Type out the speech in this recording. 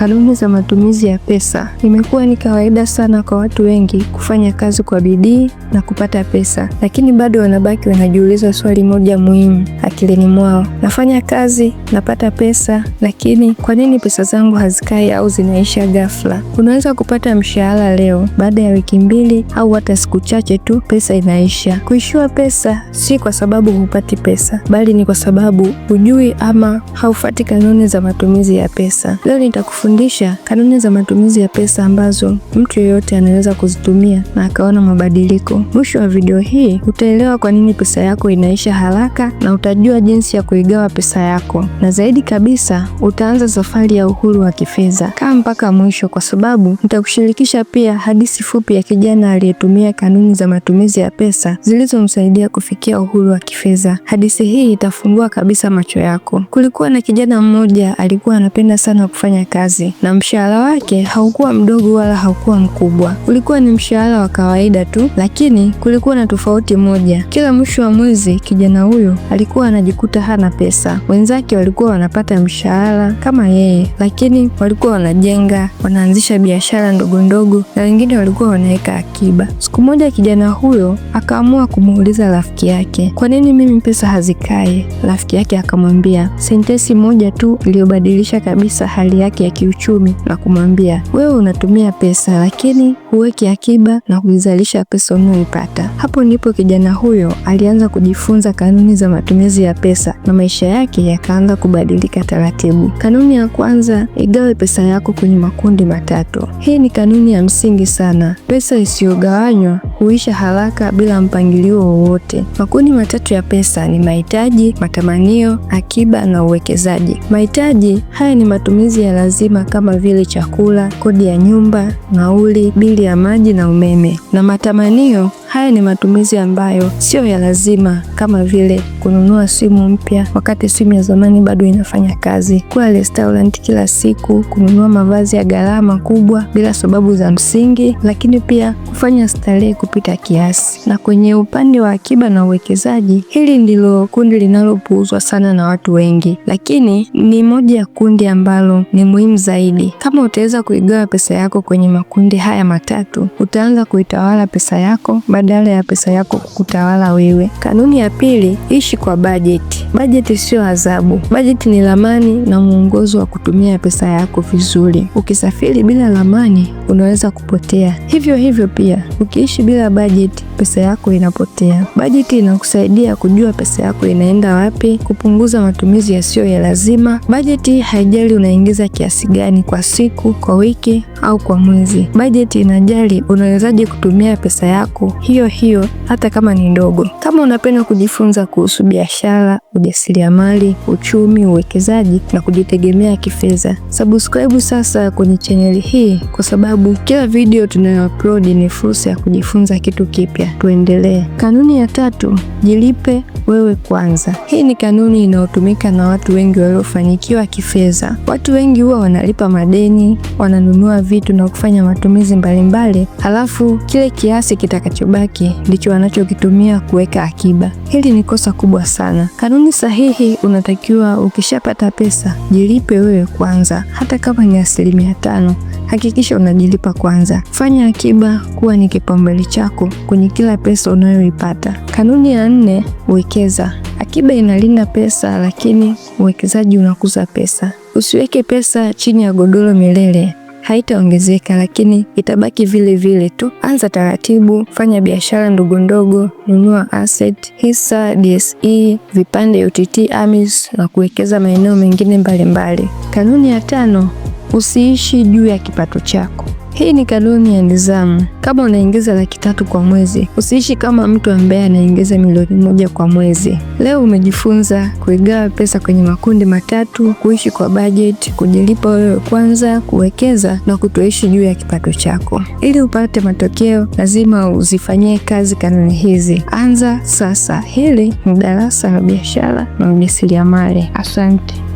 Kanuni za matumizi ya pesa. Imekuwa ni kawaida sana kwa watu wengi kufanya kazi kwa bidii na kupata pesa, lakini bado wanabaki wanajiuliza swali moja muhimu akilini mwao: nafanya kazi, napata pesa, lakini kwa nini pesa zangu hazikai au zinaisha ghafla? Unaweza kupata mshahara leo, baada ya wiki mbili au hata siku chache tu pesa inaisha. Kuishiwa pesa si kwa sababu hupati pesa, bali ni kwa sababu hujui ama haufati kanuni za matumizi ya pesa. Leo nitakufu kufundisha kanuni za matumizi ya pesa ambazo mtu yeyote anaweza kuzitumia na akaona mabadiliko. Mwisho wa video hii utaelewa kwa nini pesa yako inaisha haraka na utajua jinsi ya kuigawa pesa yako, na zaidi kabisa utaanza safari ya uhuru wa kifedha. Kaa mpaka mwisho, kwa sababu nitakushirikisha pia hadithi fupi ya kijana aliyetumia kanuni za matumizi ya pesa zilizomsaidia kufikia uhuru wa kifedha. Hadithi hii itafungua kabisa macho yako. Kulikuwa na kijana mmoja alikuwa anapenda sana kufanya kazi kazi na mshahara wake haukuwa mdogo wala haukuwa mkubwa, ulikuwa ni mshahara wa kawaida tu, lakini kulikuwa na tofauti moja. Kila mwisho wa mwezi kijana huyo alikuwa anajikuta hana pesa. Wenzake walikuwa wanapata mshahara kama yeye, lakini walikuwa wanajenga, wanaanzisha biashara ndogo ndogo, na wengine walikuwa wanaweka akiba. Siku moja kijana huyo akaamua kumuuliza rafiki yake, kwa nini mimi pesa hazikae? Rafiki yake akamwambia, sentesi moja tu iliyobadilisha kabisa hali yake ya kiuchumi na kumwambia, wewe unatumia pesa lakini huweki akiba na kuizalisha pesa unayoipata. Hapo ndipo kijana huyo alianza kujifunza kanuni za matumizi ya pesa na maisha yake yakaanza kubadilika taratibu. Kanuni ya kwanza, igawe pesa yako kwenye makundi matatu. Hii ni kanuni ya msingi sana. Pesa isiyogawanywa huisha haraka bila mpangilio wowote. Makundi matatu ya pesa ni mahitaji, matamanio, akiba na uwekezaji. Mahitaji haya ni matumizi ya lazima kama vile chakula, kodi ya nyumba, nauli, bili ya maji na umeme, na matamanio haya ni matumizi ambayo siyo ya lazima kama vile kununua simu mpya wakati simu ya zamani bado inafanya kazi, kuwa restaurant kila siku, kununua mavazi ya gharama kubwa bila sababu za msingi, lakini pia kufanya starehe kupita kiasi. Na kwenye upande wa akiba na uwekezaji, hili ndilo kundi linalopuuzwa sana na watu wengi, lakini ni moja ya kundi ambalo ni muhimu zaidi. Kama utaweza kuigawa pesa yako kwenye makundi haya matatu, utaanza kuitawala pesa yako badala ya pesa yako kukutawala wewe. Kanuni ya pili, ishi kwa bajeti. Bajeti siyo adhabu. Bajeti ni ramani na mwongozo wa kutumia pesa yako vizuri. Ukisafiri bila ramani, unaweza kupotea. Hivyo hivyo pia, ukiishi bila bajeti, pesa yako inapotea. Bajeti inakusaidia kujua pesa yako inaenda wapi, kupunguza matumizi yasiyo ya lazima. Bajeti haijali unaingiza kiasi gani kwa siku, kwa wiki au kwa mwezi. Bajeti inajali unawezaje kutumia pesa yako hiyo hiyo, hata kama ni ndogo. Kama unapenda kujifunza kuhusu biashara ujasiriamali, uchumi, uwekezaji na kujitegemea kifedha. Subscribe sasa kwenye chaneli hii kwa sababu kila video tunayoupload ni fursa ya kujifunza kitu kipya. Tuendelee. Kanuni ya tatu, jilipe wewe kwanza. Hii ni kanuni inayotumika na watu wengi waliofanikiwa kifedha. Watu wengi huwa wanalipa madeni, wananunua vitu na kufanya matumizi mbalimbali, halafu kile kiasi kitakachobaki ndicho wanachokitumia kuweka akiba. Hili ni kosa kubwa sana. Kanuni lakini sahihi, unatakiwa ukishapata pesa jilipe wewe kwanza, hata kama ni asilimia tano, hakikisha unajilipa kwanza. Fanya akiba kuwa ni kipaumbele chako kwenye kila pesa unayoipata. Kanuni ya nne, wekeza. Akiba inalinda pesa, lakini uwekezaji unakuza pesa. Usiweke pesa chini ya godoro milele haitaongezeka, lakini itabaki vile vile tu. Anza taratibu, fanya biashara ndogo ndogo, nunua asset, hisa, DSE, vipande UTT, AMIS na kuwekeza maeneo mengine mbalimbali Kanuni ya tano: usiishi juu ya kipato chako. Hii ni kanuni ya nidhamu. Kama unaingiza laki tatu kwa mwezi, usiishi kama mtu ambaye anaingiza milioni moja kwa mwezi. Leo umejifunza kuigawa pesa kwenye makundi matatu, kuishi kwa bajeti, kujilipa wewe kwanza, kuwekeza na kutoishi juu ya kipato chako. Ili upate matokeo, lazima uzifanyie kazi kanuni hizi. Anza sasa. Hili ni darasa la biashara na ujasiriamali. Asante.